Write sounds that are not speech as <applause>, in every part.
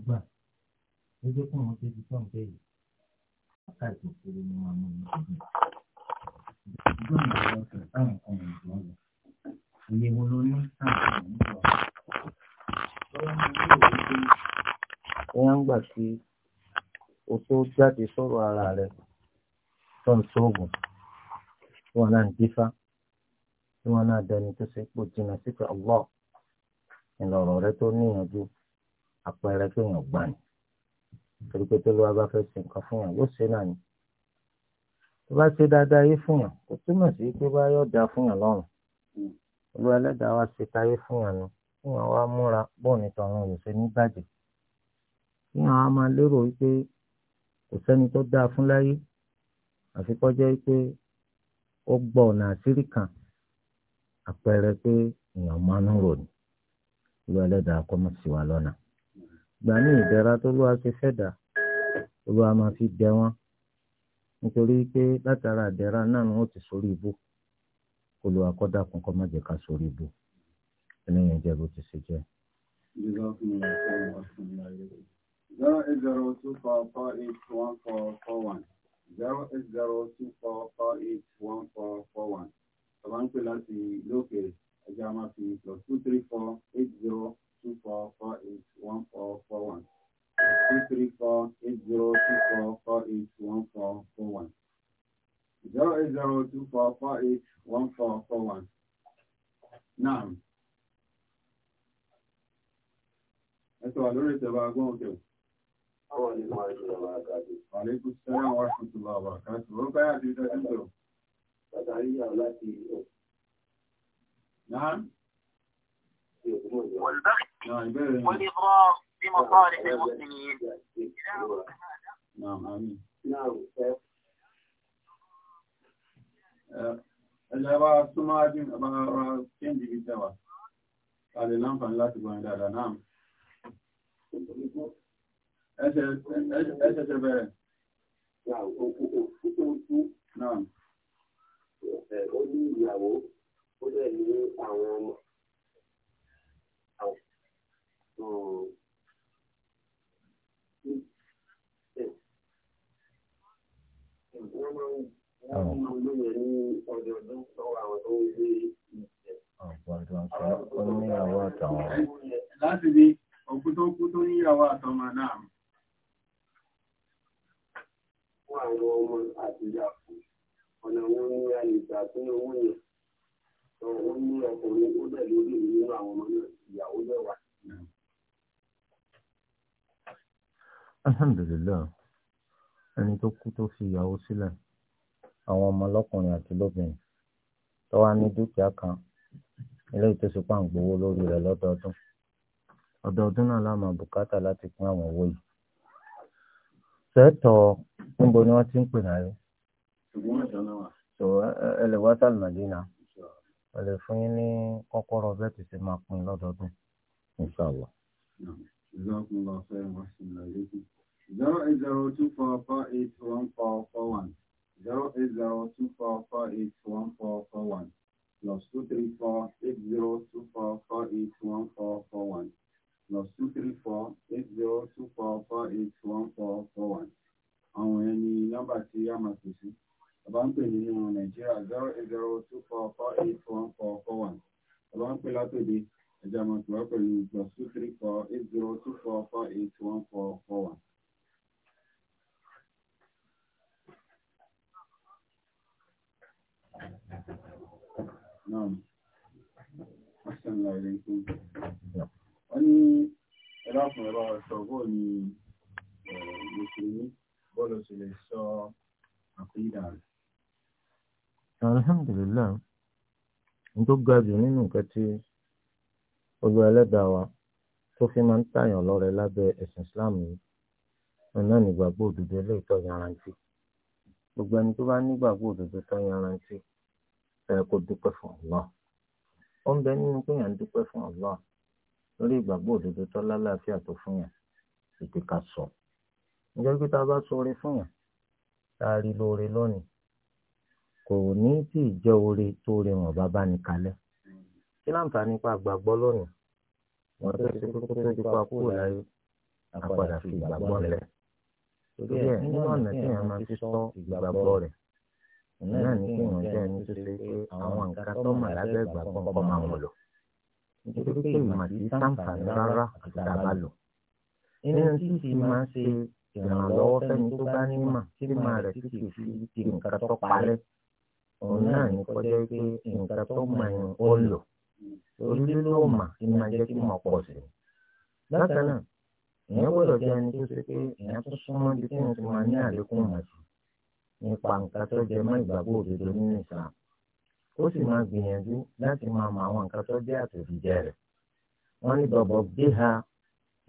gbà ó jẹ́ kó àwọn tẹ́tí tó ń bẹ̀ yìí ọ̀ká ni wọ́n mú ìgbà táwọn kan lọ ló ní táwọn kan lọ. gbà kí o tó jáde sọ̀rọ̀ ara tó ń sóògùn àpẹẹrẹ pé èèyàn gbà ní torí pé tó ló wá bá fẹ́ ṣe nǹkan fún yàn yóò ṣe náà ni tó bá ṣe dáadáa yé fún yàn kò túmọ̀ sí pé bá yọ̀ dáa fún yàn lọ́rùn olúwa ẹlẹ́dàá wa ṣe táyé fún yàn ni kí yàn wá múra bọ́ọ̀ ní tọ̀run rẹ̀ ṣe kí yàn wá máa lérò wípé kò sẹ́ni tó dáa fún láyé àfi kó ó gbọ́ ọ̀nà àṣírí kan àpẹẹrẹ pé èèyàn máa ń rò ní olúwa ẹlẹ́dàá kọ́ mọ̀ sí wa lọ́nà gbà ní ìdẹ̀ra tó lọ́wọ́ ṣe fẹ́ dà olúwa máa fi dẹ wọn nítorí pé látara ìdẹ̀ra náà ni wọ́n ti sórí ibú olúwa kọ́dà kún kọ́ má jẹ́ ká sórí ibú ẹlẹ́yìn jẹ́ bó ti ṣe jẹ́. zero eight zero two four four eight one four four one zero eight zero two four four eight one four four one tọ́ba ń pè láti lókè ẹja máa fi plus two three four eight zero. two four four eight one four four one two three four eight zero two four four eight one four four one zero eight zero two four four eight one four four one. Now, ẹ sọ wà lórí ìtẹ̀wá agbọ́n òkè. Àwọn onímọ̀ àìsàn ọ̀la àgbàdo. Àlékún sẹ́yìn àwọn والإضرار بمصالح المسلمين نعم آمين Ẹlẹ́wà súnmọ́ ajín àbára kéńdì bí tẹ́wà. Kàlè láǹfààní láti gbọ́n dáadáa náà. Ẹṣẹ́ṣẹ́ bẹ̀rẹ̀. Náà. Ó ní ìyàwó, ó lẹ́ ní àwọn ọmọ so láti ní ọ̀pọ̀ tó kú tó níyàwó àtọmọ náà. fún àwọn ọmọ àti ìyàpò ọ̀nà wọn ní àlejò àti owó yẹn. ó ní ọkùnrin ó dẹ̀ lórí nínú àwọn ọmọ náà ìyàwó bẹ̀ alhamdulilayi ẹni tó kú tó fi ìyàwó sílẹ̀ àwọn ọmọ lọ́kùnrin àti lóbìnrin tó wá ní dúkìá kan eléyìí tó ṣe pàǹ gbowó lórí rẹ̀ lọ́dọọdún ọdọọdún náà láàmú bùkátà láti pín àwọn owó yìí sẹ́tọ̀ níbo ni wọ́n ti ń pè náà so ẹ lè wá sálì màdínà ẹ lè fún yín ní kọ́kọ́rọ́ bẹ́ẹ̀ ti ṣe máa pín lọ́dọọdún inshallah. Jazakumullah khairan wa rahmatullahi Zero eight zero two four four eight one four four one. Zero eight zero two four four eight one four four one. Plus two three four eight zero two four four eight one four four one. Plus two three four eight zero two four four eight one four four one. Àwọn yẹn ni nọ́mbà tí a máa pè sí. Bàbá ń pè nínú Nàìjíríà zero eight zero two four four eight one four four one. Bàbá ń pè látòdì ẹjọ́ àwọn tó wá pẹ̀lú plus two three four eight zero two four four eight one four four one. Naam. Assalamu alaikum. Wọ́n ní ẹlọ́kùnrin ẹ̀rọ ṣọ̀gbọ́ ni Mùsùlùmí bọ́ọ̀lù sì lè sọ àkúídà rẹ̀. Alhamdulillah, n tó ga jù nínú nǹkan tí olúwa ẹlẹ́dàá wa tó fi máa ń tàyàn lọ́rẹ lábẹ́ ẹ̀sìn islam yìí ọ̀nà nígbàgbọ́ òdodo eléyìí tó yanrantí gbogbo ẹni tó bá nígbàgbọ́ òdodo tó yanrantí ẹ kó dúpẹ́ fún Allah ó ń bẹ nínú pé yàn ń dúpẹ́ fún Allah lórí ìgbàgbọ́ òdodo tó lálàáfíà tó fún yàn ètè ká sọ nítorí pé tá a bá sọ oore fún yàn tá a rí lóore lónìí kò ní tí ì jẹ́ oore tó oore bá bá ní kalẹ̀ kí láǹfààní pa àgbàgbọ́ lónìí wọn tó ti kókó tó ti pa kúrò láyé àpàdà fi ìgbàgbọ́ rẹ̀ torí ẹ̀ nínú ọ̀nà tí èèyàn máa fi sọ ìgbàgbọ́ rẹ̀ náà ní kí èèyàn jẹ́ ẹni tó ṣe pé àwọn nǹkan tó mọ̀ lábẹ́ ìgbàgbọ́ kọ́ máa wọ̀ lọ nítorí pé ìmọ̀ sí sáǹfààní rárá àtàbà lò nínú tí ti máa ṣe ìrànlọ́wọ́ fẹ́ni tó bá nímọ̀ tí máa rẹ̀ sì fi di nǹkan tó parẹ́ òun náà ní kọjá pé nǹkan tó torí lílo ọmọ kí ni máa jẹ́ kí mọ̀ pọ̀ sí. bákan náà èèyàn gbọ́dọ̀ jẹ́ ẹni tó ṣe pé èèyàn tó súnmọ́ di kí ti máa ní àlékún ọmọ sí nípa nǹkan tó jẹ mọ́ ìgbàgbọ́ òdodo nínú ìsàn ó sì máa gbìyànjú láti máa mọ àwọn nǹkan tó jẹ́ àtòjíjẹ rẹ̀ wọ́n ní bọ̀bọ̀ gbé ha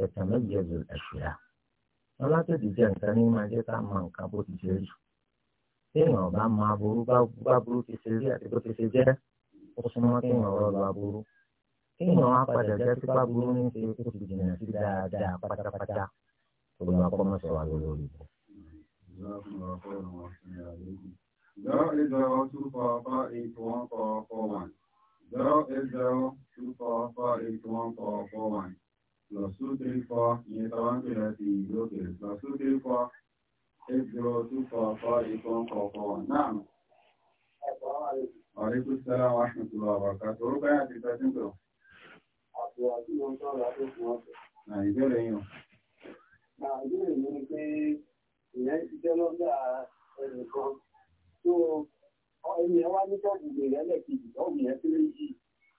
ẹ̀tàn méje lò wọ́n látòjíjẹ nǹkan ní máa jẹ́ ká mọ nǹkan bó ti ṣe rí bá máa burú ó súnmọ́ kéèyàn ọ̀rọ̀ lọ aburú kéèyàn á padà jẹ́ sípà burú ní ṣe ó sì jìnnà sí dáadáa pátápátá olùwàkọ́mọ̀sọ̀ wà lórí rẹ̀. Zero eight zero two four four eight one four four one. Zero eight zero two four four eight one four four one. Plus two three four ìyẹn tí wọ́n ń pè láti ìlú Plus two three four eight zero two four four eight one four four one. Náà. Àríkú sára wa ṣùgbọ́n àbàkà tó rú báyà ti tàbí tọ̀. Àìbẹ̀rẹ̀ yàn. Àìbẹ̀rẹ̀ mi ni pé ìyẹn ti jẹ́ lọ́dà ẹnìkan tó ẹni ẹ wá ní tọ́ọ̀bù bèrè ẹlẹ́kejì tọ́ọ̀bù yẹn kéré yìí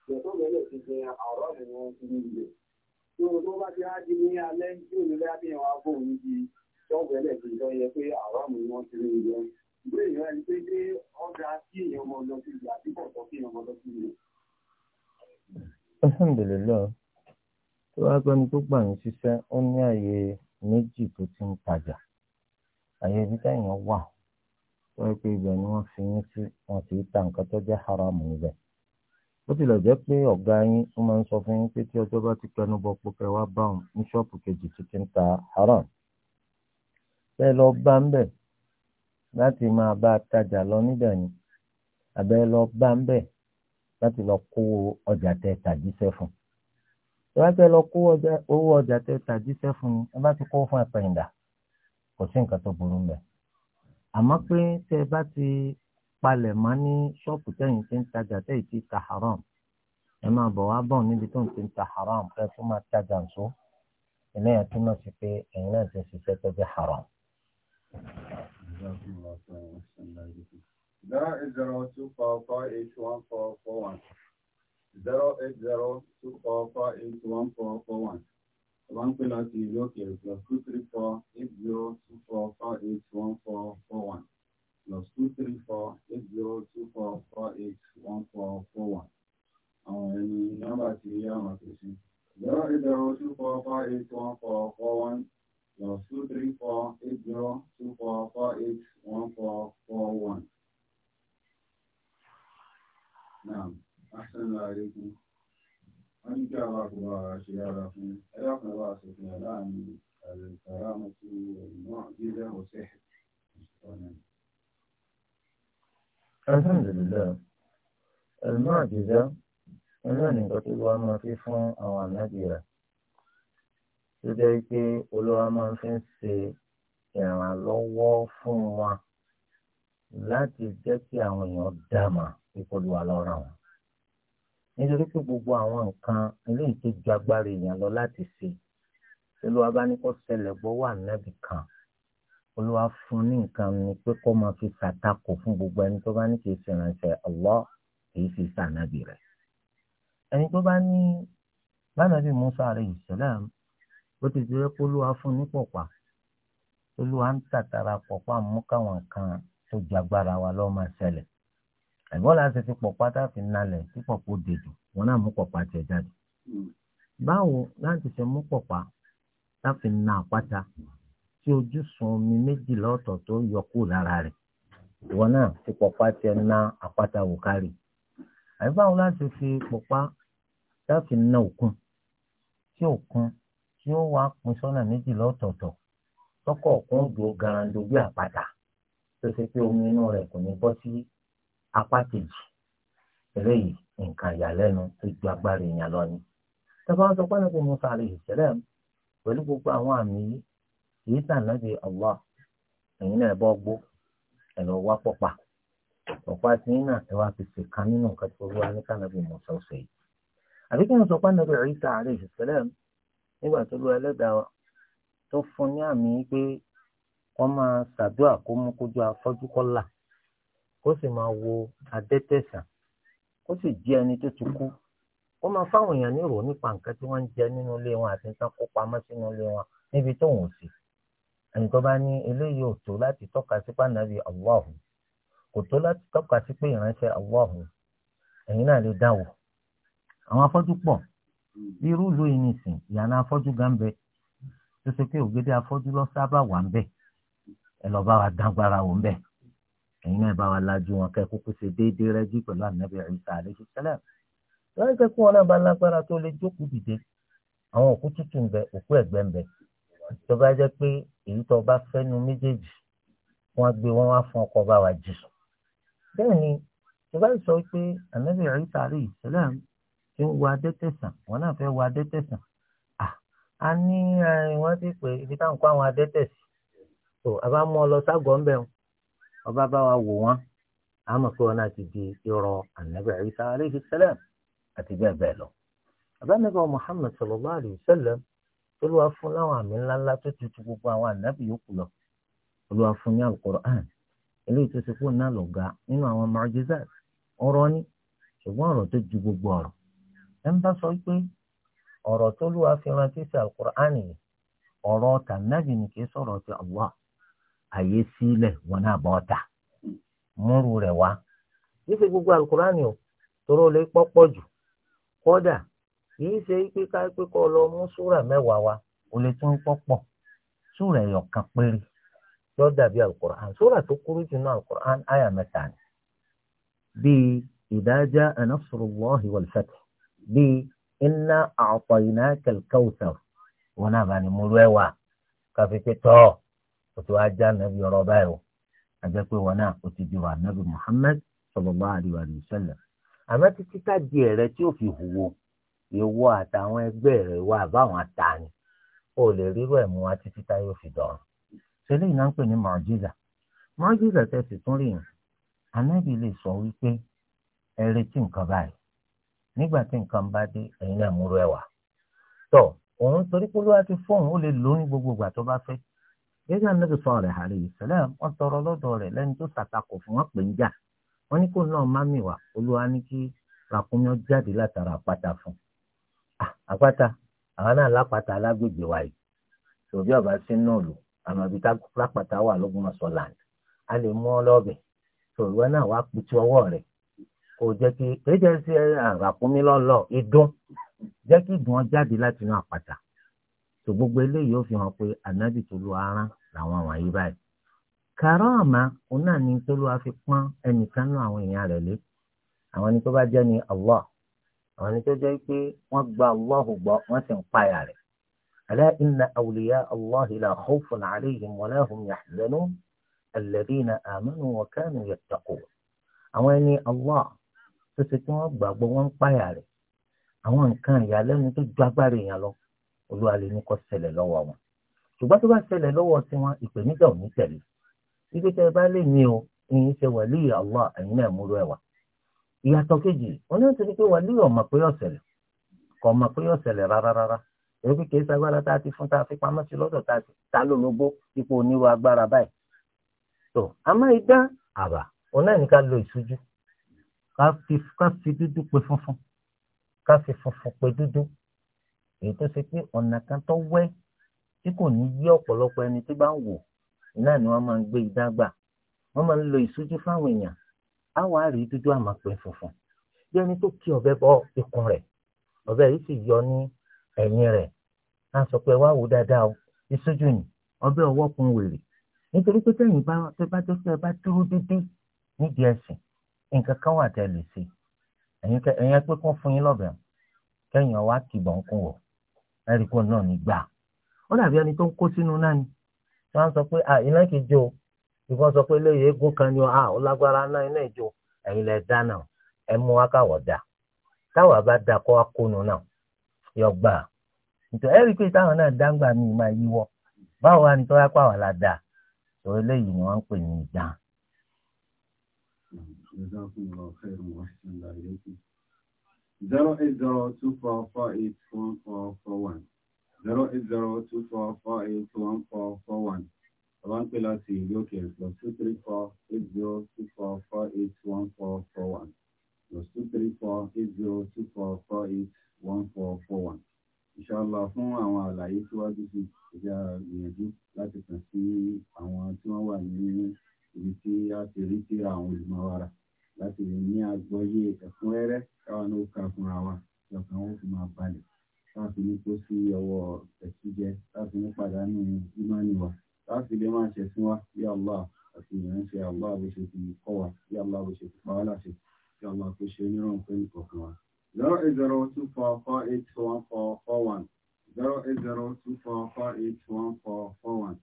ìyẹn tó bẹ̀rẹ̀ ti jẹ àárọ̀ ni wọ́n ti ní ilẹ̀. Tó tó bá ti á di ní alẹ́ tí òní bá bí wọn á fóun di ìwé ìrẹ́ ni pé ṣé ọjà kí èèyàn ọmọ lọ sí ìlú àti bọ̀tọ̀ kí èèyàn ọmọ lọ sí ìlú. alhamdulilayi tó wá gbẹ́ni tó gbà ń ṣiṣẹ́ ó ní àyè méjì tó ti ń tajà àyè ibi táyàn wà tó yẹ ibẹ̀ ni wọ́n fi yín sí wọn sì ta nǹkan tó jẹ́ haramu níbẹ̀ bó tilẹ̀ jẹ́ pé ọ̀gá yín ó máa ń sọ fún yín pé tí ọjọ́ bá ti pẹnu bọ pọkẹ wá bá òun ní ṣọ́ọ̀pù kejì tó ti ń ta haram bẹ́ẹ̀ lọ bá ń bẹ̀ láti máa bá a tajà lọ níbẹ̀ ni àbẹ́ lọ bá ń bẹ̀ láti lọ kó ọjà tẹ tàjíṣẹ́ fún ẹ bá fẹ́ lọ kó owó ọjà tẹ tàjíṣẹ́ fún ni ẹ bá ti kó fún Àpẹ̀yìndà kò sí nǹkan tó burú ń bẹ̀ àmọ́ pé tẹ bá ti palẹ̀ mọ́ ní ṣọ́ọ̀pù tẹ̀yìn tí ń tajà tẹ̀yìn tí ta haram ẹ máa bọ̀ wá bọ̀ níbi tó ń ti ta haram kẹ́ ẹ tún máa tajà ń so eléyà túmọ̀ sí pé ẹ̀yin náà ti ṣiṣẹ́ tó jẹ́ haram. Zero eight zero two four four eight one four four one. Zero eight zero two four four eight one four four one. one ń pè láti ìlú plus two three four eight zero two four four eight one four four one plus two three four eight zero two four four eight one four four one. Àwọn number nọ́mbà ti yá àwọn Zero eight zero two four four eight one four four one plus two three four eight zero two four four eight one four four one. Naam, Assalamu alaikum. Wọ́n ní kí a bá kó bá ṣe yára fún ẹ̀rọ kan bá ṣe fún ẹ̀ láàrin àlùkàrà àti ìmọ̀ jíjẹ́ ọ̀sẹ̀ ọ̀nà. Alhamdulillah, ẹ̀rọ náà jíjẹ́, ẹ̀rọ nìkan tó wá máa fi fún àwọn ànábì rẹ̀ tó jẹ́ pé olúwa máa fi ń ṣe ìrànlọ́wọ́ fún wa láti jẹ́ kí àwọn èèyàn dàmà ìpolówó lọ́ràn wọn. nítorí pé gbogbo àwọn nǹkan eléyìí tó ju agbára èèyàn lọ láti ṣe olúwa bá ní kó ṣẹlẹ̀ gbọ́ wà nábì kan olúwa fún ní nǹkan ni pé kó máa fi ṣàtakò fún gbogbo ẹni tó bá ní kì í ṣèrànṣẹ́ Allah kì í fi ṣànábì rẹ̀. ẹni tó bá ní bánàbí Musa alayhi salam o ti jẹ́ pé olúwa fún ní pọ̀pá olúwa ń tàtàrà mú kan tó jagbára wa lọ́ọ́ máa ṣẹlẹ̀ ẹ̀gbọ́n láti fi pọ̀pá tá a fi nalẹ̀ tí pọ̀pá ó wọn náà mú pọ̀pá tiẹ̀ jáde. báwo láti ṣe mú omi méjìlá ọ̀tọ̀ yọ lara lára rẹ̀ ìwọ náà fi na àpáta wò kárì. láti fi tá a fi na òkun tí ó wa pín sọ́nà méjì lọ́tọ̀ọ̀tọ̀ tọkọ̀ ọ̀kan òjò garando bí àpáta tó ṣe pé omi inú rẹ̀ kò ní bọ́ sí apá kejì eléyìí nǹkan ìyàlẹ́nu tó ju agbára èèyàn lọ ni. tọ́ba sọ pé nípa Musa alayhi salam pẹ̀lú gbogbo àwọn àmì yìí kìí sànàbí Allah ẹ̀yin náà bọ́ gbó ẹ̀ lọ wá pọ̀pà ọ̀pá tí ń nà ẹ̀ wá fi nínú nǹkan tó wá ní nígbà tó lu ẹlẹ́dàá wa tó fún ní àmì pé wọ́n máa ṣàdúrà kó mú kójú afọ́jú kó là kó sì máa wo adẹ́tẹ̀sán kó sì jẹ́ ẹni tó ti kú kó máa fáwọn èèyàn nírò nípa nǹkan tí wọ́n ń jẹ nínú ilé wọn àti nǹkan kó pamọ́ sínú ilé wọn níbi tó ń sí ẹni tó bá ní eléyìí ò tó láti tọ́ka sí pàǹdàbí Allahu kò tó láti tọ́ka sí pé ìránṣẹ́ Allahu ẹ̀yin náà lè dáwò àwọn afọ́jú pọ̀ irú ìlú yìí nìsín ìyànà afọ́jú gan bẹ tó ṣe pé ògèdè afọ́jú lọ sábà wà ń bẹ ẹ lọ bá wa dágbára wò ń bẹ ẹ̀yin náà bá wa lajú wọn kẹ́ kókó ṣe déédéé rẹ́jí pẹ̀lú ànábì Ìsá alayhi salam lọ́wọ́ kẹ́kọ́ wọn náà bá lágbára tó lè jókòó dìde àwọn òkú tútù ń bẹ òkú ẹ̀gbẹ́ ń bẹ tó bá jẹ́ pé èyí tó bá fẹ́nu méjèèjì wọ́n gbé wọn wá fún ọkọ̀ bá wa jì bẹ́ẹ̀ tó bá sọ pé ànábì Ìsá alayhi salam tí ń wo adẹ́tẹ̀sán wọn náà fẹ́ wo adẹ́tẹ̀sán a ní wọ́n ti pè ibi táwọn kó àwọn adẹ́tẹ̀sí tó a bá mú ọ lọ ságọ̀ọ́ ńbẹ̀ wọn ọba bá wa wò wọ́n a mọ̀ pé wọn náà ti di irọ́ ànábì Ìsá alayhi salam àti bẹ́ẹ̀ bẹ́ẹ̀ lọ. àbánábì Muhammad sallallahu alayhi wa sallam olúwa fún láwọn àmì ńláńlá tó tutù gbogbo àwọn ànábì yòókù lọ olúwa fún ní al-Qur'an eléyìí tó ti kú náà lọ ga nínú àwọn mu'jizat ọ̀rọ̀ ni ṣùgbọ́n ọ̀rọ̀ tó ju gbogbo ọ̀rọ̀ ẹ ń bá sọ pé ọ̀rọ̀ tó lù wá fi rántí sí alukur'ani ọ̀rọ̀ tànàbì ni kì í sọ̀rọ̀ ti Allah àyè sílẹ̀ wọn náà bọ́ ta múrù rẹ̀ wá yìí ṣe gbogbo alukur'ani o tóró lè pọ́pọ́ jù kódà yìí ṣe pé ká pé kọ́ lọ mú súrà mẹ́wàá wa o lè tún pọ́pọ̀ súrà ẹ̀yọ̀ kan péré yóò dàbí alukur'an súrà tó kúrú jù náà alukur'an àyà mẹ́ta ni bíi idha jaa nasrullahi wal fath bíi iná àpọ̀ iná kẹ̀kẹ́ òsàn wọn náà bá ní múlò ẹ̀wà káfí pé tọ́ o ti wá já nàbí ọ̀rọ̀ báyìí o àjẹ́ pé wọn náà o ti di wà nàbí Muhammad sallallahu alaihi wasallam àmọ́ títí tá di ẹ̀rẹ́ tí ó fi hùwò ìwọ àtàwọn ẹgbẹ́ rẹ̀ wà báwọn àtàní o lè rírọ̀ ẹ̀mú wa títí tá yóò fi dọ̀rùn ṣẹlẹ̀ iná ń pè ní mọ̀jíza mọ̀jíza tẹ̀sí tún rí yẹn ànábì lè sọ wípé ẹ retí nǹkan báyìí nígbà tí nǹkan bá dé ẹ̀yin náà múrò ẹ̀wà tó òun torí pé olúwa ti fóun ó lè lò gbogbo ìgbà tó bá fẹ́ gẹ́gẹ́ anábì sọ rẹ̀ alayhi salam wọ́n tọrọ lọ́dọ̀ rẹ̀ lẹ́ni tó ṣàtakò fún wọn pè ń jà wọ́n ní kó náà má mi wá olúwa ní kí ràkúnmí jáde látara àpáta fún àpáta àwọn náà lápáta alágbègbè wa yìí tòbí ọba ibi lápáta wà a lè mú ọ kò jẹ́ kí kéde ṣe àràkúnmí lọ́lọ́ idún jẹ́ kí ìdùn jáde láti inú àpáta tó gbogbo eléyìí ó fi hàn pé ànábì tó lu aràn làwọn wọ̀nyí báyìí. kàrámà òun náà ni tó lu afi pọ́n ẹnìkan náà àwọn èèyàn rẹ̀ lé àwọn ẹni tó bá jẹ́ ni Allah àwọn ẹni tó jẹ́ pé wọ́n gba Allah gbọ́ wọ́n sì ń páyà rẹ̀. ala inna awliya Allah la khawfun alayhim wa la hum amanu wa kanu àwọn ẹni Allah tó ṣe tí wọ́n gbàgbọ́ wọ́n ń páyà rẹ̀ àwọn nǹkan ìyàlẹ́nu tó ju agbára èèyàn lọ olúwa lè ní kó ṣẹlẹ̀ lọ́wọ́ wọn ṣùgbọ́n tó bá ṣẹlẹ̀ lọ́wọ́ tiwọn ìpèníjà ò ní tẹ̀lé ibi tẹ́ ẹ bá lè ní o ìyìn ṣe wàlí Allah ẹ̀yin náà múrú ẹ̀wà ìyàtọ̀ kejì wọn ní nítorí pé wàlí ọmọ pé ọ̀sẹ̀lẹ̀ kò mọ̀ pé ọ̀sẹ̀lẹ̀ rárá rárá èyí kìí sagbára tá a ti fún tá fi pamọ́ sí lọ́dọ̀ tá ti ta lólobó ipò onírú agbára báyìí tó a máa àbà òun náà ní lo ìṣújú ká fi dúdú pe funfun ká fi funfun pe dúdú èyí tó ṣe pé ọ̀nà kan tó wẹ́ tí kò ní yí ọ̀pọ̀lọpọ̀ ẹni tí bá ń wò náà ni wọ́n máa ń gbé ìdágbà wọ́n máa ń lo ìṣújú fáwọn èèyàn àwọn àrí dúdú àmọ́ pé funfun bí ẹni tó kí ọ̀bẹ bọ ikùn rẹ̀ ọ̀bẹ yìí sì yọ ní ẹ̀yìn rẹ̀ á sọ pé wá wò dáadáa o ìṣújú ni ọ̀bẹ ọwọ́ kun wèrè nítorí pé tẹ̀yìn bá tó bá tó fẹ́ bá dúró dédé nídìí ẹ̀sìn nǹkan wa wà tẹ́ lè ṣe ẹ̀yin pé kún fún yín lọbẹ kẹ́yìn ọwá kìbọ̀ ń kún dàbí ẹni tó ń sínú náà ni tí wọ́n sọ pé à iná kìí jó sọ pé lóye eégún kan ni à ó lágbára náà iná ìjó ẹ̀yin lẹ dáná ẹ mú wa káwọ̀ dà káwọ̀ bá dà kó wa kónú náà yọ gbà nítorí pé táwọn náà mi máa báwo wá la dà tó eléyìí ni wọ́n ń pè Jazakumullahu khairan wa ahsanallahu ilaykum. 08024481441 08024481441 Bàbá ń pè láti ìlú òkèèrè plus two three four eight zero two four four eight plus two Inshallah fún àwọn àlàyé síwájú sí ìjà gbìyànjú láti kàn sí àwọn tí wọ́n wà ní ibi tí a ti rí sí àwọn olùmọ̀wára láti lè ní àgbọ́yé ẹ̀kúnrẹ́rẹ́ káwọn náà kà fúnra wa lọ́kàn wọn fi máa balẹ̀ láti ní kó sí ọwọ́ ẹ̀sùjẹ láti ní pàdánù ìmánì wa láti lè máa ṣẹ̀sìn wa bí Allah àti ìránṣẹ́ Allah bó ṣe fi kọ́ wa bí Allah bó ṣe fi pa wá láṣẹ bí Allah kó ṣe oníràn pé nìkọ̀ọ̀kan wa. zero eight zero two four four eight one four four one zero eight zero two four four eight one four four one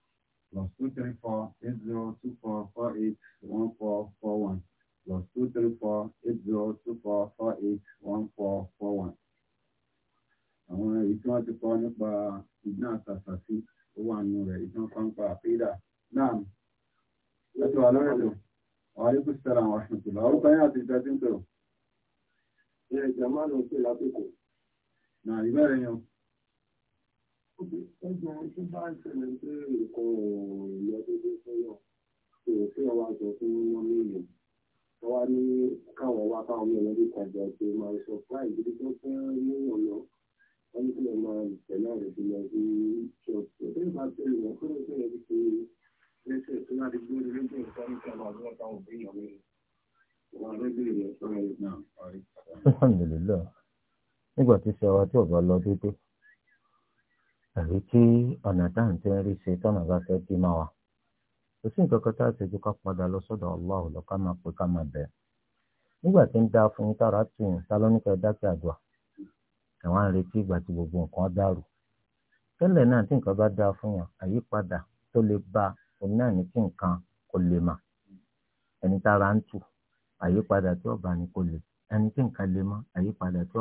plus two three four eight zero two four four eight one four four one plus two three four eight zero two four four eight one four four one. àwọn èyí tí wọ́n ti kọ́ nípa ìdíná àtàtàsí ó wà nínú rẹ̀ ìtàn kan pa àpéyídà náà lọ́tọ̀ wà lórí ẹ̀dọ̀ wà á lékún sítára àwọn aṣọ ìtura orúkọ yẹn àti ìtẹ́jú ń pèrò. ilé ìjà máa ń pè lápẹ́kọ̀ọ́. nà ìbéèrè yẹn. ẹgbẹ́ tó bá ń ṣẹlẹ̀ pé nǹkan ò lọ déédéé fún yàn kò sí ọwọ́ àjọ fún wọn mílíọ̀nù wá ní káwọn wá bá omi ẹ̀rọ ìtajà ṣe máa sọ fún àìdílé tó fẹ́ ní ọ̀nà wọn ní kí wọ́n máa tẹ̀lé àrẹ̀ tó lọ sí ṣọ́ọ̀tì ọ̀dẹ́ bá tẹ̀lé wọn kó ló bẹ̀rẹ̀ bí ṣe lẹ́sẹ̀ tó láti gbé orí lójú ìta ní kí wọ́n máa táwọn òbí ìyàwó rẹ̀ wọn lọ́gbẹ̀rẹ̀ rẹ̀ fún ẹ̀ náà. alhamdulilayi nígbà tí ṣe tí ọba lọ dédé àbí tí ọ̀nà táǹtì ń rí ṣe tọ́nà bá fẹ́ dí máa wà. kò sí nǹkan kan tá a ṣèjú ká padà lọ sọ́dọ̀ Allah lọ ká máa pè ká máa bẹ̀ nígbà tí ń dá fún yín tára tù yín ta lọ́nù ká dákẹ́ gbogbo nǹkan dàrú tẹ́lẹ̀ náà tí nǹkan bá dá fún yàn àyípadà tó lè bá òun náà ní kí nǹkan kò lè mà ẹni tára ń tù ọba ni kò lè ẹni tí nǹkan lè mọ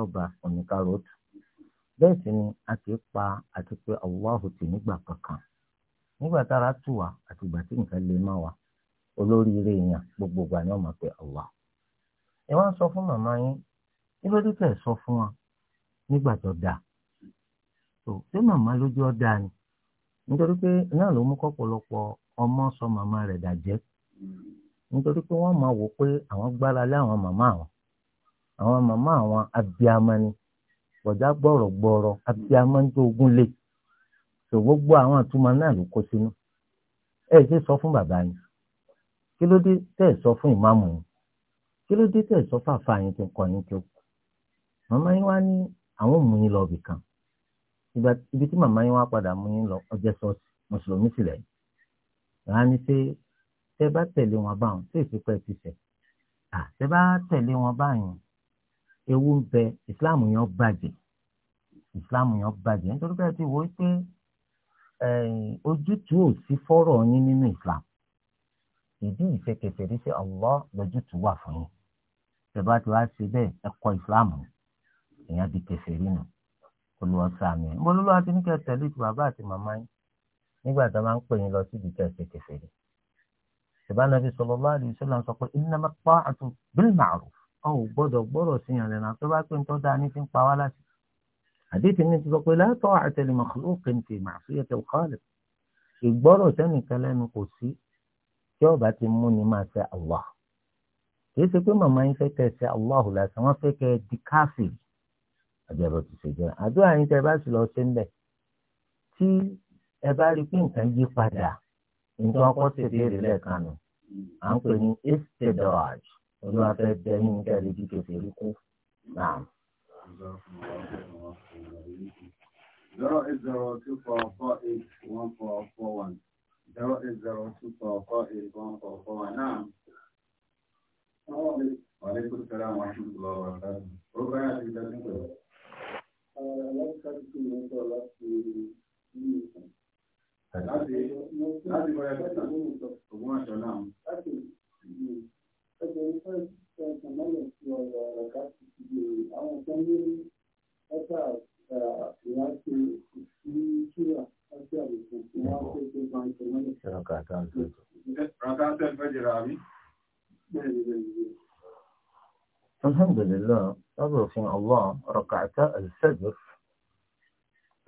ọba bẹ́ẹ̀ a ti pa àti pé tì nígbà kankan nígbà tára tù wá àti ìgbà tí nǹkan lè má wa olóríire èèyàn gbogbo ìgbà ni wọn pé Allah ẹ wá ń sọ fún màmá yín nígbà tó tẹ̀ sọ fún wa nígbà tó dáa tó ṣé màmá lójú ọ dáa ni nítorí pé náà ló mú kọ́pọ̀lọpọ̀ ọmọ sọ màmá rẹ̀ dàjẹ́ nítorí pé wọ́n máa wò pé àwọn gbára lé àwọn màmá àwọn àwọn màmá àwọn abiyamọ ni bọ̀dá gbọ̀rọ̀gbọ̀rọ̀ tó ogún lé sọ gbogbo àwọn àtúmọ̀ náà ló kó sínú ẹ ṣe sọ fún bàbá yín kí ló dé tẹ́ ẹ sọ fún ìmáàmù yín kí ló dé tẹ́ ẹ sọ fún àfa yín tó kọ yín tó màmá yín wá ní àwọn ò mú yín lọ ibìkan ibi tí màmá yín wá padà mú yín lọ ọjọ́ ṣọ́ọ̀ṣì mùsùlùmí sílẹ̀ rà ní pé tẹ́ bá tẹ̀lé wọn báwọn tí ìsìnkú ẹ ti sẹ̀ tẹ́ bá tẹ̀lé wọn báyìí ewu ń bẹ ìsìláàmù yẹn bàjẹ́ ìsìláàmù yẹn bàjẹ́ nítorí pé ẹ ti wò pé ojútùú ò sí fọ́rọ̀ yín nínú Islam ìdí ìfẹkẹfẹrí sí Allah lójútùú wà fún yín tẹ̀bá tí wàá ṣe bẹ́ẹ̀ ẹ̀kọ́ Islam èèyàn di kẹfẹ́rí nù olùwọ́sàmì ẹ̀ mo lọ́wọ́ àti níkẹ́ tẹ̀lé ti bàbá àti màmá yín nígbà tí wọ́n máa ń pè yín lọ síbi kẹfẹ́ kẹfẹ́rí tẹ̀bá Nabi sallallahu alaihi wasallam sọ pé innama ta'atu bil ma'ruf ọ̀ gbọ́dọ̀ gbọ́dọ̀ sí àdéhùn ní ti sọ pé látọ̀ àtẹlẹ makhluqin fi ma'siyati al-khaliq ìgbọ́rọ̀ sẹ́nìkan lẹ́nu kò sí tí ọba ti mú ni máa ṣe Allah kì í ṣe pé màmá yín fẹ́ kẹ́ ẹ ṣe Allah lásán wọ́n fẹ́ kẹ́ ẹ di káfíìrì àjẹbọ̀ ti ṣe jẹun àdúrà yín tẹ bá sì lọ ṣe ń bẹ̀ tí ẹ bá rí pé nǹkan yí padà nǹkan ọkọ ti béèrè lẹ́ẹ̀kan nù à ń pè ní istidroj olúwa fẹ́ bẹ́ẹ̀ ní nǹkan ẹ̀rí kíkẹ́ fèrè kú náà. Zero eight zero two four four eight one four four one. Zero eight zero two four four eight one four four one. Now, Alaikum salam wa rahmatullahi wa barakatuh. Program has been done well. Let's try to do it for last minute. Láti láti bọ̀yà tẹ́tà. Ògùn àṣọ náà. Láti ẹgbẹ̀rún fẹ́ẹ́. الحمد لله Alhamdulillah, في الله ركعتا الفجر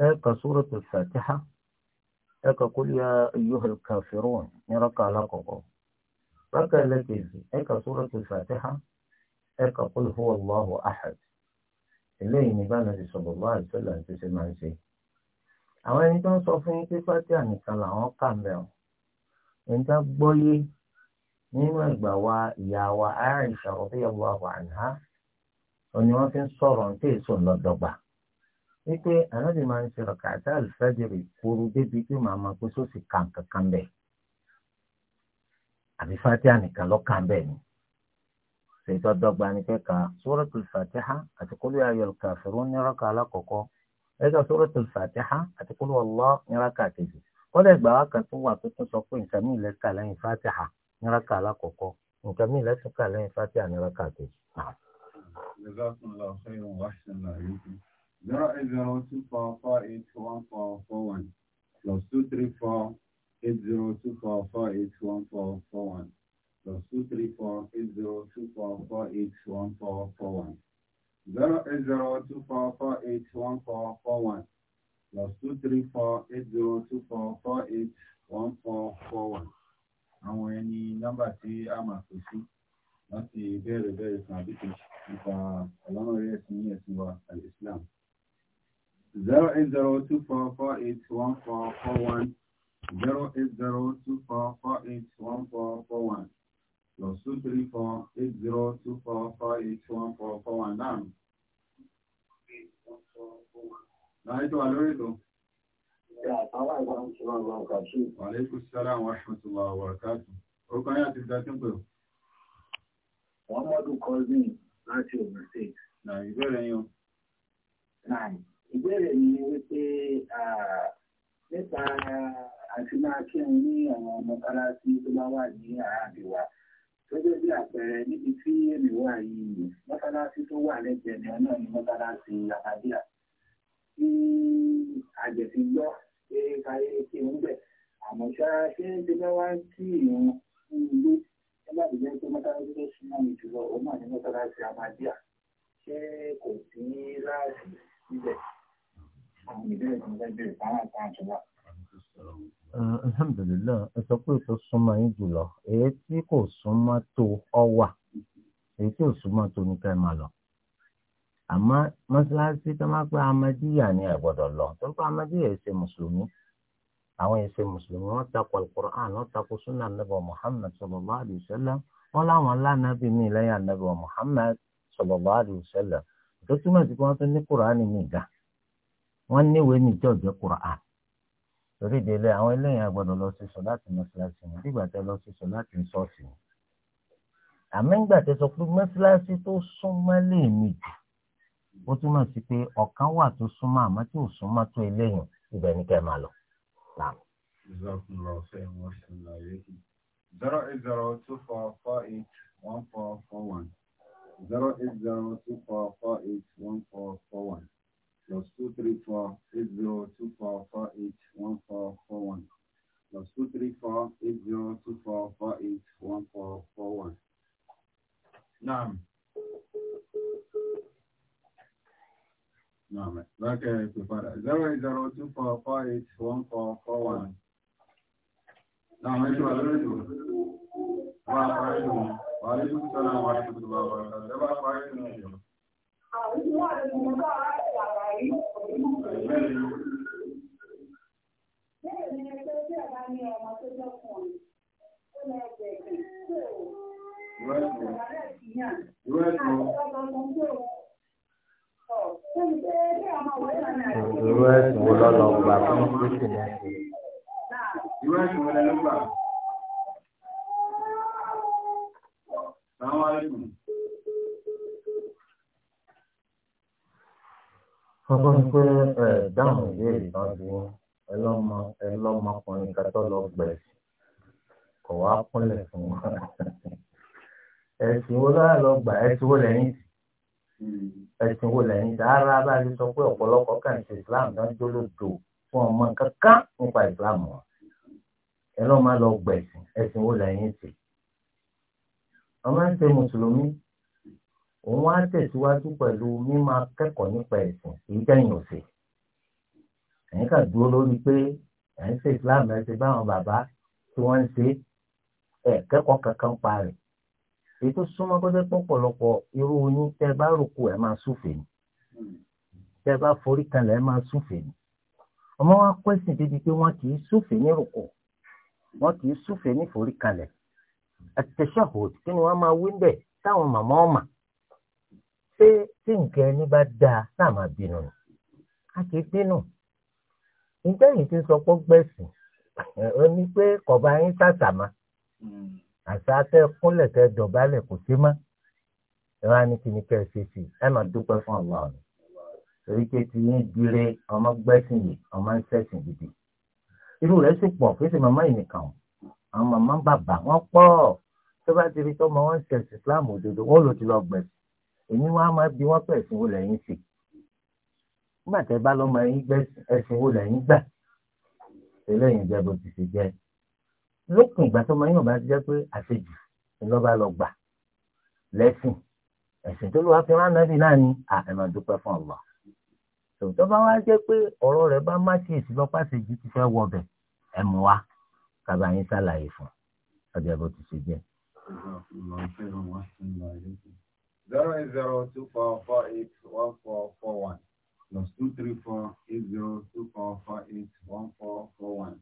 أقى سورة الفاتحة أقى قل يا أيها الكافرون يركع لقبه rákà ẹlẹ́kejì ẹ ka suratul Fatiha ẹ ka qul huwallahu ahad eléyìí ní báyìí ti sọ̀rọ̀ bá àìsílẹ̀ àti ṣe máa ń ṣe. àwọn ẹni tó ń sọ fún yín pé Fatiha nìkan làwọn kà mẹ́rin nǹkan gbọ́yé nínú ẹ̀gbà wa ìyá wa Aisha radiyallahu anha òní wọ́n fi ń sọ̀rọ̀ ní tèèso ńlọ́dọ̀gba wípé ànábì máa ń ṣe rọ̀kàtà al-fajr kúrú débi pé màmá pé sósì kàǹkàǹkàǹ bẹ́ẹ̀ àbí fatiha nìkan lọ́kàn bẹ́ẹ̀ ni ṣètò ọdọgba ni kẹka suratul fatiha àti kúlù ayọl kàfírún nírọkà alákọ̀ọ́kọ́ ẹgbẹ suratul fatiha àti kúlù ọlọ nírọkà kejì kọlẹ ìgbà wa kan tó wà tó tún sọ pé nǹkan mi lẹsùn kà lẹ́yìn nírọkà alákọ̀ọ́kọ́ nǹkan mi lẹsùn kà lẹ́yìn nírọkà kejì. zero eight zero two four four eight one four four one plus two three four eight zero two four four eight one four four one plus two three four zero two four four eight one four four one zero zero two four four eight one four four one plus two three four eight zero two four four eight one four àwọn ẹni nọ́mbà tí a máa pè sí láti béèrè béèrè kan àbí kejì nípa ọlọ́run rẹ̀ sí ní ẹ̀sìn wa al-Islam zero eight zero two four four eight one four four one zero eight zero two four four eight one four four one plus two three four eight zero two four four eight one four four one down. láyé tó wà lórí ètò. Wàlékún sálà wà ṣùtùwà wàkàtù. Orúkọ yẹn àti ìdá tí ń pè ó. Wọ́n mọ́dún Cosmin láti Ogun State. Nà ìbéèrè yín o. Nà ìbéèrè mi ni wípé ah, nípa àti máa kírun ní àwọn mọ́sálásí tó bá wà ní àárín wa gẹ́gẹ́ bí àpẹẹrẹ níbi tí èmi wà yìí mọ́sálásí tó wà lẹ́gbẹ̀ẹ́ ni ọ̀nà ní mọ́sálásí àbádíà tí àjẹ̀sí gbọ́ pé káyé kí n bẹ̀ àmọ́ ṣe ìrún fún nígbà tó jẹ́ pé mọ́sálásí tó súnmọ́ mi jùlọ òun náà ní mọ́sálásí àbádíà ṣé kò sí láàṣì níbẹ̀ àwọn ìbéèrè alhamdulilayi ẹ sọ pé ètò súnmọ́ yín jùlọ èyí tí kò súnmọ́ tó ọ wà èyí tí ò súnmọ́ tó ní ká ẹ máa lọ àmọ́ mọ́ṣáláṣí tó máa pé amadíyà ni ẹ gbọ́dọ̀ lọ torí pé amadíyà ẹ ṣe mùsùlùmí àwọn ẹ ṣe mùsùlùmí wọ́n takò alukur'an wọ́n takò sunna nebà muhammed sallallahu alayhi wa sallam wọ́n láwọn lánàbí mi lẹ́yìn nebà muhammed sallallahu alayhi tó túmọ̀ sí pé wọ́n tún ní kur'an mi ga wọ́n níwèé níjọ́ jẹ́ kur'an torí ìdílé àwọn eléyìí àgbọ̀dọ̀ lọ sí sọ láti mọ́ṣáláṣí wọn dígbà tẹ lọ sí sọ láti ṣọ́ọ̀ṣì wọn. àmọ́ ńgbà tẹ sọ pé mọ́ṣáláṣí tó súnmọ́ lè mì jù ó túmọ̀ sí pé ọ̀kan wà tó súnmọ́ àmọ́ tí ò súnmọ́ tó eléyìí ibẹ̀ ní kẹ́ máa lọ. zero eight zero two four four eight one four four one zero eight zero two four four eight one four four one. plus two three four eight zero two four four eight one four four one plus two three four eight zero two four four eight one four four one. نعم نعم ذاك الفرق زero zero two four four eight one four four one نعم أنتم أدركتم وعليكم السلام ورحمة الله وبركاته Irú ẹ̀sùn wo lọ́lọ́ gbà fún Kristi náà ṣe? Irú ẹ̀sùn wo lẹ́nu gbà? Sàmúlẹ́kùn. Ọgbọ́n ni pé ẹ dáhùn ìbéèrè kan sí ẹlọ́mọ ẹlọ́mọkùnrin kan tó lọ gbẹ̀sì kọ̀ wá kúnlẹ̀ fún wa. Ẹ̀sìn wo lọ́yà lọ gbà ẹ̀sìn wo lẹ́yìn ẹ̀sìn wo lẹ́yìn dára bá ti sọ pé ọ̀pọ̀lọpọ̀ kan ṣe Islam náà jólódò fún ọmọ kankan nípa Islam wọn. Ẹlọ́mọ lọ gbẹ̀sìn ẹ̀sìn wo lẹ́yìn sí. Ọmọ ń ṣe Mùsùlùmí òun á tẹ̀síwájú pẹ̀lú mímọ akẹ́kọ̀ọ́ nípa ẹ̀sìn èyí tẹ̀yìn ọ̀sẹ̀ ẹ̀yìn kan dúró lórí pé ẹ̀ ń ṣe Islam ẹ̀ ṣe báwọn bàbá tí wọ́n ń ṣe ẹ̀ kẹ́kọ̀ọ́ kankan pa rẹ̀ èyí tó súnmọ́ kó jẹ́ pọ̀pọ̀lọpọ̀ irú yín tẹ́ bá rúkú ẹ̀ máa súfè ni tẹ́ bá forí kanlẹ̀ ẹ̀ máa súfè ni ọmọ wa kwẹ́sìn débi pé wọ́n kì í súfè ní rúkú wọ́n kì í súfè ní forí kanlẹ̀ àtẹ̀ṣàhòd kí ni wọ́n máa wí bẹ́ẹ̀ táwọn màmá ọ̀mà ṣé tí nǹkan ẹni bá dáa sáà bínú ni a kì í bínú ǹjẹ́ yìí ti sọ pé gbẹ̀sìn ó ní pé kọ̀ọ̀bá yín sàtàmà àṣà tẹ́ kúnlẹ̀ tẹ́ dọ̀bálẹ̀ kò sí mọ́ ẹ wá ní kẹ́ ẹ ṣe sí ẹ máa dúpẹ́ fún Allah ni torí pé ti yín dire ọmọ gbẹ́sìn yìí ọmọ ń ṣẹ̀sìn gidi irú rẹ̀ sì pọ̀ fèsì màmá yìí nìkan àwọn màmá bàbá wọn pọ̀ tó bá ti rí tọ́mọ wọn ṣẹ̀sìn Islam òdodo wọn ló ti lọ gbẹ̀sìn èmi wá máa bí wọ́n pẹ̀ ẹ̀sìn wo lẹ́yìn ṣe nígbà tẹ́ bá lọ́mọ ẹ̀yìn gbẹ́ ẹ̀sìn wo lẹ́yìn gbà eléyìí jẹ́ bó ti ṣe jẹ́ lópin ìgbà tó máa yàn bá jẹ́ pé àṣejù ńlọ́ba lọ gbà lẹ́sìn ẹ̀sìn tó ló wá fi rán nábì náà ni à ẹ̀ máa dúpẹ́ fún ọ̀lọ́ tòótọ́ bá wá jẹ́ pé ọ̀rọ̀ rẹ̀ bá má ṣe èsì lọ́pàá ṣèjì ti fẹ́ wọ bẹ̀ mú wa kàbá yín ṣàlàyé fún ọjọ́ bó ti ṣe jẹ́ zero eight zero two four four eight one four four one plus two three four eight zero two four four eight one four four one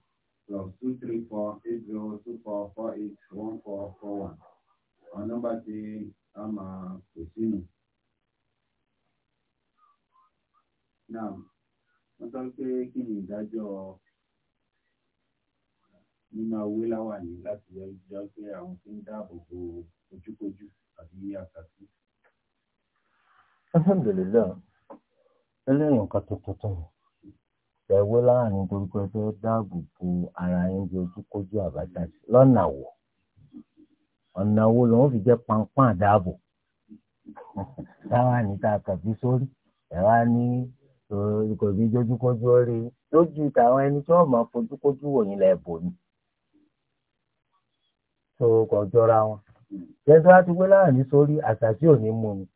plus two three four eight zero two four four eight one four four one àwọn nọ́mbà tí a máa pè sínú. náà wọ́n sọ pé kí ni ìdájọ́ nínú awé láwà ní láti yọjú pé àwọn tí ń dáàbò bo ojúkojú àbí àkàtúntì alhamdulilayi eléyìí nǹkan tuntun tó ní ṣẹ̀wé láàrin gbogbo ẹgbẹ́ dáàbò bo ara yín di ojúkójú àbájáde lọ́nà wò ọ̀nà wo lòun fi jẹ́ pampán àdáàbò táwa ní ta kàbí sórí ẹ̀wá ní kò bí jójúkójú rí lójú tàwọn ẹni tí wọ́n máa fojúkójú wò yín lẹ́ẹ̀bù ni tó kọjọ́ra wọn jẹ́sọ́ àti wé sórí àṣà tí mú ni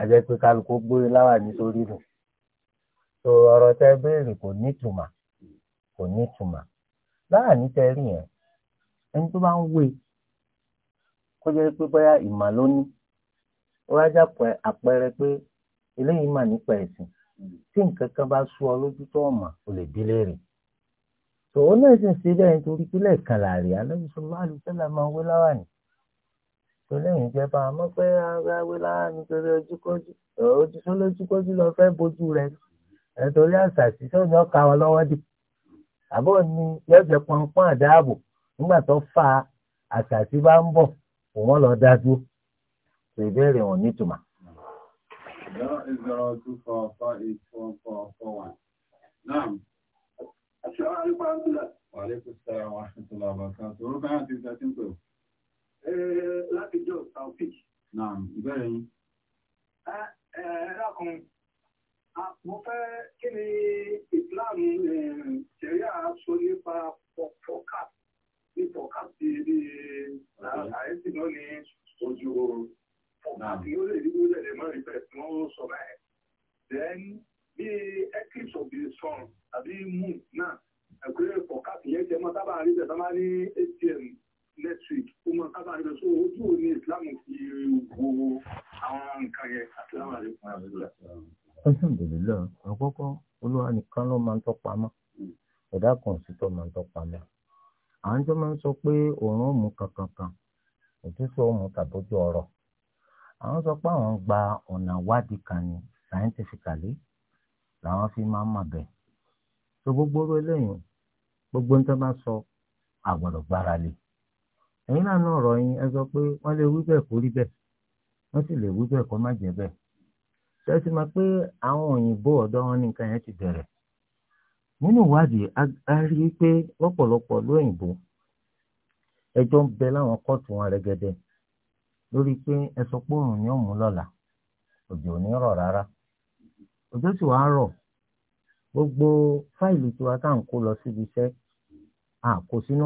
àjẹ́ pé kálukú gbórí láwà nítorí nù tó ọ̀rọ̀ tẹ béèrè kò ní ìtumà kò ní ìtumà láwà ní tẹ́rì yẹn ẹni tó bá ń wé kó jẹ́ pé bóyá ìmà ló ní ó wá já àpẹẹrẹ pé eléyìí mà nípa ẹ̀sìn tí nǹkan kan bá sú ọ lójú tó ọ̀mà o lè bí léèrè tòun náà sì ń ṣe bẹ́ẹ̀ nítorí pé lẹ́ẹ̀kan làárẹ̀ alẹ́ bí sọ́lá àlùfẹ́ làá máa wé láwà tòlẹ́yìn ìjẹba àmọ́ pé aráwé lára nítorí ojúkójú ojúṣó lójúkójú lọ fẹ́ bójú rẹ̀ nítorí àṣà ìṣiṣẹ́ òní ọ̀ka wọn lọ́wọ́ dì àbọ̀ ni yọ̀jẹ̀ pọnpọ́n àdáàbò nígbà tó fa àṣà tí bá ń bọ̀ òun lọ dá dúró tó ìbéèrè wọn nítumà. zero eight zero two four four eight four four four one naam. asalaamualeykum wa rahmatulahi wa barakatuh. orúkọ yàtí ìṣàtúntò. Eh, láti jọ Taofik. Náà ìbéèrè yín. Eh, eh, Ẹ̀ẹ́dàkùn, ah, mo fẹ́ kí ni Islam ṣẹ̀ríà sọ nípa fọ́kà ní fọ́kà sí ibi àìsí náà ní ojú oorun. Fọ́kà tí ó lè rí lórí ẹ̀rẹ̀ mọ́rin bẹ̀rẹ̀ tí wọ́n sọ báyìí. Then bí eclipse of the sun tàbí moon náà ẹ̀kúrẹ́ fọ́kà yẹn jẹ́ mọ́ sábà rí bẹ̀ sábà ní ATM electric ó mọ sábà lọ sí ojú òní Islam fi wo àwọn nǹkan yẹn àti láwọn àlékún àbúrò. alhamdulillah àkọ́kọ́ olúwa nìkan ló máa ń tọ́pa mọ́ hmm. ẹ̀dá kan sì tó máa ń tọ́pa mọ́ à ń jọ máa ń sọ pé òórùn mú kankankan òtútù òórùn tàbójú ọ̀rọ̀ àwọn sọ pé àwọn gba ọ̀nà ìwádìí kan ní scientifically làwọn fi máa ń mọ̀ bẹ́ẹ̀ so gbogbo orí eléyìí gbogbo ń tẹ́ bá sọ àgbọ̀dọ̀ gbára lé e. ẹ̀yin náà náà ọ̀rọ̀ yín ẹ sọ pé wọ́n lè wí bẹ́ẹ̀ kó rí bẹ́ẹ̀ wọ́n sì lè wí bẹ́ẹ̀ kó má jẹ́ bẹ́ẹ̀ tẹ́sí ma pé àwọn òyìnbó ọ̀dọ́ wọn ní nǹkan yẹn ti nínú ìwádìí a rí i pé lọ́pọ̀lọpọ̀ lóyìnbó ẹjọ ń bẹ láwọn kóòtù wọn lórí pé ẹ sọ pé ní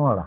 rárá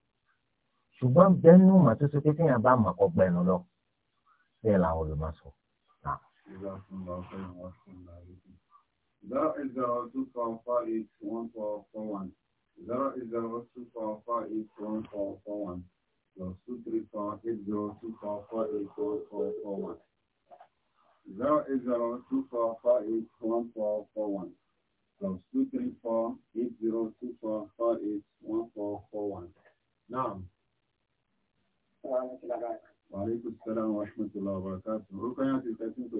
ṣùgbọ́n bẹ́ẹ̀nù mà tó ṣe pé kéèyàn bá mà kọ́ gbẹ̀nu lọ bẹ́ẹ̀ làwọn olùmọ̀ sọ. Zero eight zero two four four eight one four four one plus two three four eight zero two four four eight one four four one zero eight zero two four four eight one four four one plus two three four eight zero two four four eight one four four one. Now. Wàhálẹ́kùn sálà wa rahmatullahi wa barakatuh. Orúkọ yẹn ti tẹ́tí tó.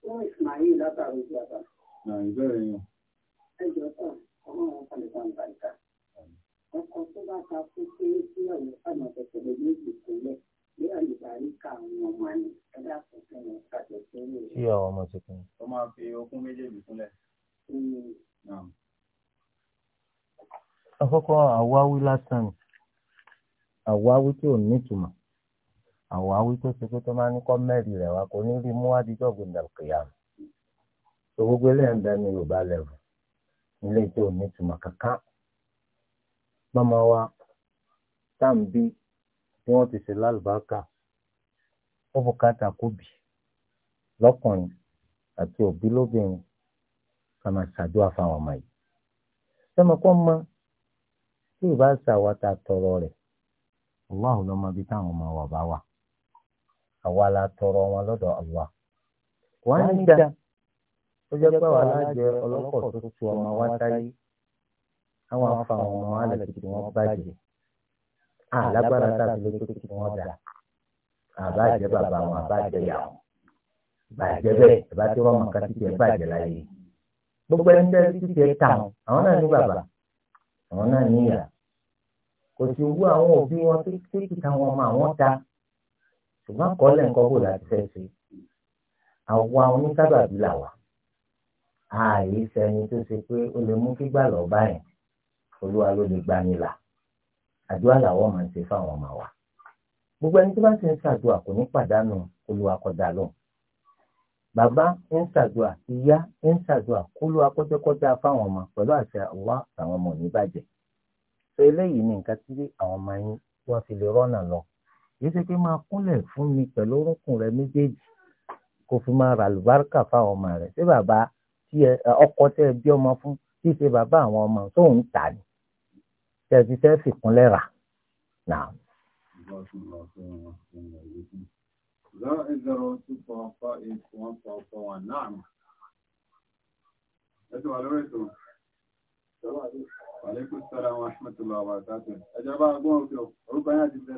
Fún Ìsmáyé látàrí ìjọ àbá. Nà ìbẹ̀rẹ̀ yẹn. Ẹjọ́ tán, ọmọ wọn kàn lè bá ń bàríkà. Ọkọ tó bá ta fún pé kí ọ̀yọ́ sàmọ̀ tẹ̀tẹ̀ lè ní ìkúnlẹ̀ ní àlùbáríkà àwọn ọmọ ni ẹ̀dá fún ẹ̀rọ ìpàdé tó ń lò. Kí àwọn ọmọ tuntun. Ó máa fi okun méjèèjì kúnlẹ̀. Hmm. Àkọ́kọ́ àwáwí lásán ni àwáwí tí ò nítumọ̀ àwáwí tó ṣe pé tó máa ń kọ́ mẹ́rin rẹ̀ wá kò ní rí mú adijọ́ gbọ̀ndà kìyàm gbogbo eléyà ń bẹ ní yorùbá lẹ́rù nílé tí nítumọ̀ kankan mọ́mọ́ wa táǹbí tí wọ́n ti ṣe lálùbáàkà ó bùkátà kó bì lọ́kùnrin àti òbí lóbìnrin ká máa ṣàdúrà fáwọn ọmọ yìí sẹ́mi mọ tí ìbá ṣàwátà tọrọ rẹ̀ allah ló mọ ibi táwọn ọmọ wa bá wà àwa la tọrọ wọn lọ́dọ̀ allah. wọ́n ní ìjà ó jẹ́ pé wàá lájẹ ọlọ́pọ̀ tó tu ọmọ wa táyé àwọn afa àwọn ọmọ wa lẹ́sìn tí wọ́n bàjẹ́ àlágbára tàbí lójú tí wọ́n dà àbájẹ́ bàbá wọn àbájẹ́ yà wọn bàjẹ́ bẹ́ẹ̀ bàbá tí wọ́n mọ̀ ká títí ẹ̀ bàjẹ́ láyé gbogbo ẹni tẹ́ títí ẹ̀ tà àwọn náà ní bàbá àwọn náà ní ìyá kò sì wú àwọn òbí wọn tí kìkà wọn ọmọ àwọn ta ṣùgbọ́n kọ́lẹ̀ ńkọ́ bò láti fẹ́ ṣe àwa oníkábàbí làwà ààyè sẹni tó ṣe pé ó lè mú kígbà lọ báyìí olúwa ló lè gbani là àdúrà làwọn máa ń ṣe fáwọn ọmọ wa gbogbo ẹni tó bá ti ń ṣàdúrà kò ní pàdánù olúwa kọjá lóhùn bàbá ń ṣàdúrà ìyá ń ṣàdúrà kólúwa kọjọkọjá fáwọn ọmọ pẹ̀lú àṣẹ ọwọ́ àwọn ọmọ ò ní bàjẹ́ sọ eléyìí ní nǹkan tí àwọn ọmọ yín wọ́n fi lè rọ́nà lọ yìí ṣe pé máa kúnlẹ̀ fún mi pẹ̀lú orúnkún rẹ méjèèjì kò fi máa ra àlùbáríkà fáwọn ọmọ rẹ ṣé bàbá tí ọkọ tẹ bí ọmọ fún tí ṣe bàbá àwọn ọmọ tóun tà ní tẹ ti fẹ́ fìkúnlẹ̀ rà náà. ẹ ti wà lórí ètò. Wàlékún sára wọn ṣmọ̀tòlá wà dáadọ̀. Ẹjọ́ bá gbọ́n òkè orúkọ yẹn àti ìfẹ́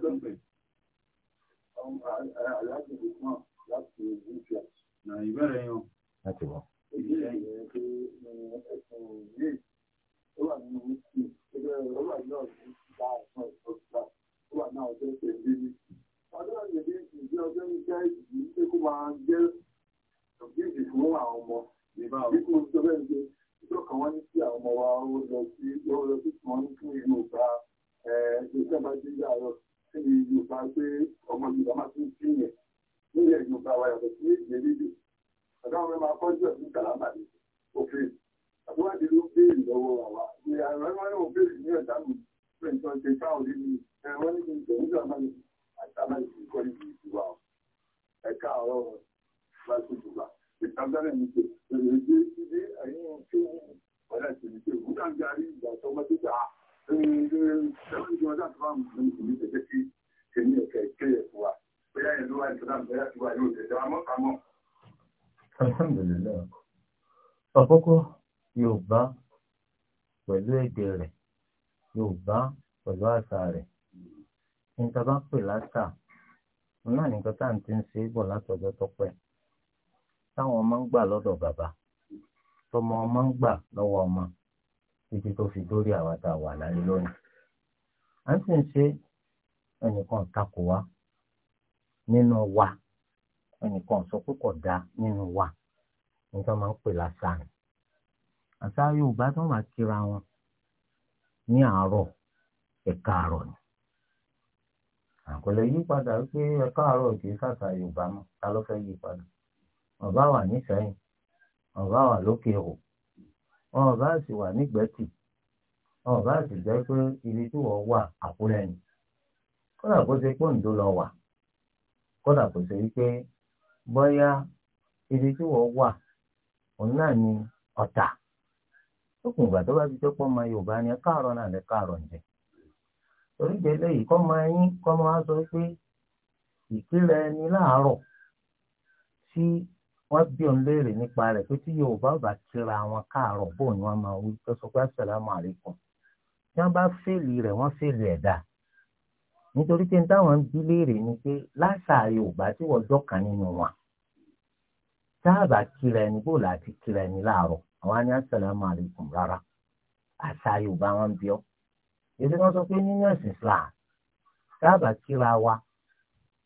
ìjọ kan ní kí àwọn ọmọ wa ó lọ sí lọ́wọ́ lọ sí tí wọ́n ní kí Yorùbá ẹ̀ẹ́dẹ́gbẹ́ bá dé yàrá sí Yorùbá pé ọmọ Yorùbá máa tún sí yẹn nílẹ̀ Yorùbá wa yàtọ̀ sí èdè lédè ọ̀dọ́ àwọn ọmọ akọ́jú ẹ̀sìn kàlámà ní òfin àbúwádìí ló béèrè lọ́wọ́ àwa ní àwọn ẹ̀rọ ẹ̀rọ béèrè ní ọ̀dà mi pé nǹkan ṣe ká òde ní ẹ̀rọ ní kí n tẹ̀lé ìjọba máa àtàlà ìṣèkọ́ ìdí ìdìbò ẹ̀ka ọ̀rọ̀ wọn láti dùbà ìtàgbára ní pé èrè dé sílé ẹ̀yìn tí ó wù ọ̀rẹ́ ìṣèlú pé òun náà darí ìgbà tó wọ́n ti gbà ẹ̀yìn tí wọ́n dá tó bá mú un kò ní tẹ̀sẹ̀ sí ẹ̀yìn ẹ̀kẹ́ ìkéyè fún wa bóyá yẹn ló wà ní sọ́dá bóyá tí wà yóò tẹ̀sẹ̀ wa mọ́ ká mọ́. alhamdulilayi àkọ́kọ́ yorùbá pẹ̀lú èdè rẹ̀ yorùbá pẹ̀lú àṣà rẹ̀ níta bá pè láṣà náà nìkan tá à ń ti ń ṣe é bọ̀ látọjọ́ tọpẹ́ táwọn ọmọ ń gbà lọ́dọ̀ bàbá tọmọ ọmọ ń gbà lọ́wọ́ ọmọ títí tó fi dórí àwa tá a wà láyé lónìí. à ń sì ń ṣe ẹnìkan takò wá nínú wa ẹnìkan sọ pé kò dáa nínú wa nígbà máa ń pè lásàánù. àṣà Yorùbá tó máa kíra wọn ní àárọ̀ ẹ̀ka àárọ̀ ni. àkọlẹ̀ yípadà wípé ẹ̀ka àárọ̀ kì í ṣàṣà Yorùbá mọ́ ta ló fẹ́ yípadà. ọba wà nísẹ̀yìn ọba wà lókè o wọn ọba sì wà nígbẹ́tì wọn ọba sì jẹ́ pé ibi tí wọ́n wà àkúrẹ́ ni kódà kó ṣe pé lọ wà kódà kó ṣe wípé ibi tí wọ́n wà òun náà ni ọ̀tà ìgbà tó bá ti jẹ́ pọ́ ọmọ yorùbá ni ẹ káàárọ̀ náà lẹ káàárọ̀ kọ́ wọ́n bí òun léèrè nípa rẹ̀ pé tí yorùbá ò bá kíra wọn káàárọ̀ bó ni wọ́n máa wí tó sọ pé assalamu alaikum tí wọ́n bá fèlì rẹ̀ wọ́n fèlì ẹ̀dá nítorí pé táwọn ń bí léèrè ni pé láṣà yorùbá tí wọ́n dọ́kan nínú wọn táàbà kíra ẹni bó láti kíra ẹni láàárọ̀ àwọn á ní assalamu alaikum rárá àṣà yorùbá wọn bí ọ èdè wọn sọ pé nínú ẹ̀sìn Islam táàbà kíra wa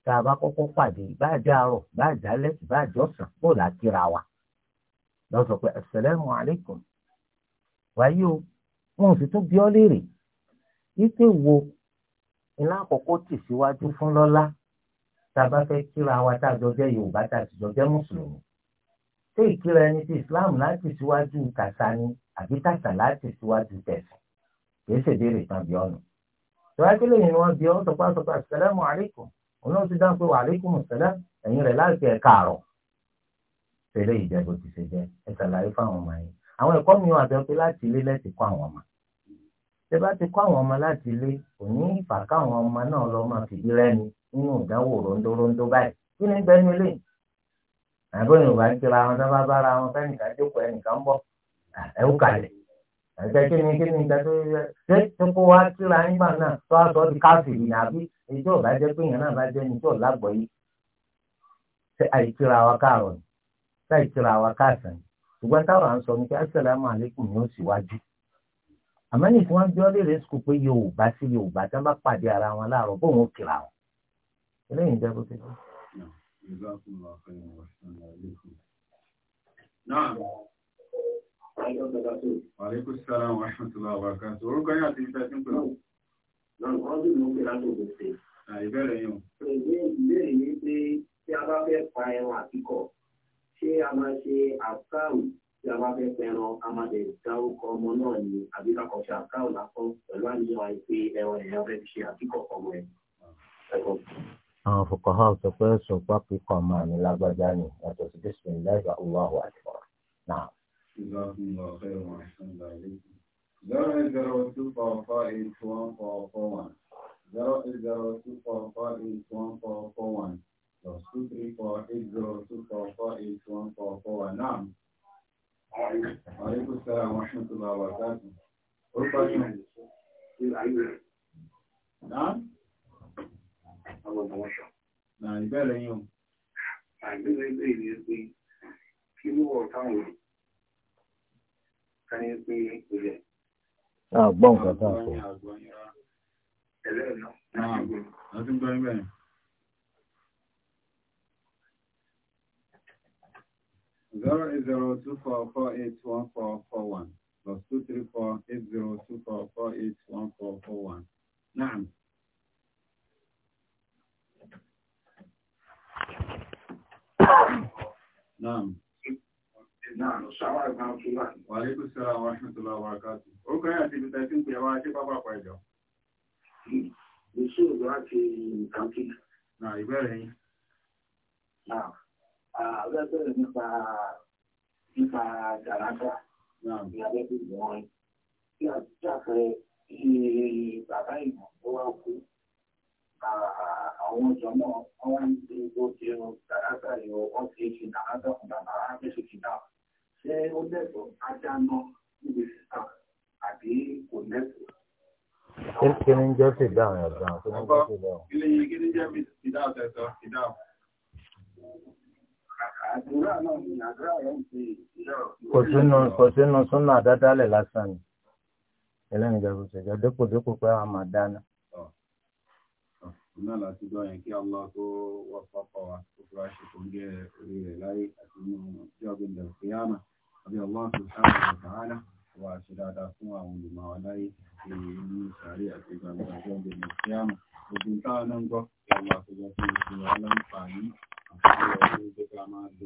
tá a bá kọ́kọ́ pàdé bá a dáàrọ̀ bá a dálẹ́ bá a jọ̀sán kó là á kíra wa lọ sọ pé asalaamu alaykum wáyé o wọn ò sì tún bí ọ léèrè wípé wo iná àkọ́kọ́ tì síwájú fún lọ́lá tá a bá fẹ́ kíra wa tá a jọ jẹ́ yorùbá tá a sì jọ jẹ́ mùsùlùmí ṣé ìkíra ẹni tí islam láti síwájú kàṣà ni àbí tàṣà láti síwájú tẹ̀sán kìí ṣèbéèrè tán bí ọ̀nà. ìwádìí lè yẹn wọn bí ọ sọpá sọpá asalaamu alaykum òun náà ti dáhùn pé wa alaikum salam ẹ̀yìn rẹ̀ láti ẹ̀ka àrọ̀ fẹ́rẹ́ ìjẹ́bù ti ṣe jẹ́ ẹ ṣàlàyé fáwọn ọmọ yẹn àwọn ẹ̀kọ́ mi wà bẹ́ẹ̀ pé láti ilé lẹ́sìn kọ́ àwọn ọmọ ṣé bá ti kọ́ àwọn ọmọ láti ilé kò ní ìfà káwọn ọmọ náà lọ máa fìdí rẹ́ni nínú ìdánwò rondórondó báyìí kí ni bẹ́ẹ̀ nílé àbẹ̀yìn ò bá ń kíra wọn sábà ẹ̀sẹ̀ kí ni kí ni nǹkan tó yẹ ṣé kókó wá síra nígbà náà tó a sọ ti káfìrí ni àbí ètò ọ̀gá jẹ́ pé èèyàn náà bá jẹ́ ní tó yìí ṣe àìsíra wa káàrọ̀ ni ṣe àìsíra wa káàsán ni ṣùgbọ́n táwọn à ń sọ ni pé asàlámù àlékún ni ó sì wájú àmọ́ ní ìfún wa bí wọ́n lè rẹ́ sùkú pé Yorùbá sí Yorùbá tí bá pàdé ara wọn láàárọ̀ bóun ó kìlà wọn eléyìí ń jẹ́ bó ṣe. Àlékún sára wọn ṣùtùlọ àwàká tó orúkọ yà ti fẹ́ tí ń pẹ̀lú. Lọ́nà mú pé látò kò sí. Ìbẹ̀rẹ̀ yàn. Ìbéèrè ní pé tí a bá fẹ́ pa ẹran àtìkọ̀, ṣé a máa ṣe àkáù tí a bá fẹ́ pẹran, a máa lè dá orúkọ ọmọ náà ní àbíkàkọ̀ ṣe àkáù lásán pẹ̀lú àníyàn àìpé ẹran ẹ̀yàn fẹ́ fi ṣe àtìkọ̀ ọmọ ẹ̀. Àwọn fòkànhá sọ pé sùn pápíkọ̀ máa ní lágbájá ni yàtọ̀ sí Bísí جزاكم الله خيرا وأحسن الله إليكم zero eight zero two four four eight one four four one zero eight zero two four four eight one four four one plus two three four eight zero two four four eight one four four one naam. aleykum salaam wa rahmatulah wa barakatuh. orúkọ yìí náà. naam. àwọn ọmọ wọn sọ. na ìbéèrè yín o. àìbéèrè ìbéèrè yẹn pé kí ló wọ táwọn kání pé nǹkan tá a sọ. Zero eight zero two four four eight one four four one plus two three four eight zero two four four eight one four four one. نعم. نعم. <coughs> náà lọ ìgbà tó wà. wà á lè kó sí ara tó lọ wà káàtó. orúkọ yẹn àti ibi tí ń pè wá ṣé pápá àpá ìjọ. èso ìlú àti ìtàkì. nà ìbéèrè yín. nà àbẹ bẹ̀rẹ̀ nípa nípa dàrákà. ní abẹ́ bí wọ́n tí a ti jàpẹ́ bàbá ìmọ̀ tó wá kú àwọn jọmọ wọn ń gbé gbogbo dàrákà yìí wọ́n ti ṣe dàrákà fún bàbá á fẹ́ ṣe kìdáwó ṣé ó lẹ́tọ̀ọ́ kájáná níbi sísà àbí kò lẹ́tọ̀ọ́. kí ni ń jẹ́ sí ìdáhùn ẹ̀ gan-an kí ni ń jẹ́ sí ìdáhùn. ilé yìí kí ni jẹ́ mi ìdáhùn tẹ̀sán ìdáhùn. àdúrà náà ni àdúrà rẹ̀ ń ṣe ìdáhùn. kò sínú kò sínú súnà àdádálẹ̀ lásán ni ẹlẹ́ni ìjọba ìṣèjọ dépò dépò pé a máa dáná. ọ̀nà láti gbọ́ yẹn kí Allah tó wọ́pọ̀ pọ̀ wá tó fi wá ṣe kò ń gẹ́ orí rẹ̀ láyé àti nínú ìjọba ìjọba ìyá náà àbí Allah subhanahu wa ta'ala wà ṣe dáadáa fún àwọn olùmọ̀ aláyé èyí sàárè àti gbàgbà ọjọ́ ìgbẹ̀mọ̀ sí àmà gbogbo táwọn náà ń gbọ́ ìwà àtijọ́ fún ìṣòro aláǹfààní àti ìwà tó jẹ́ ká máa lò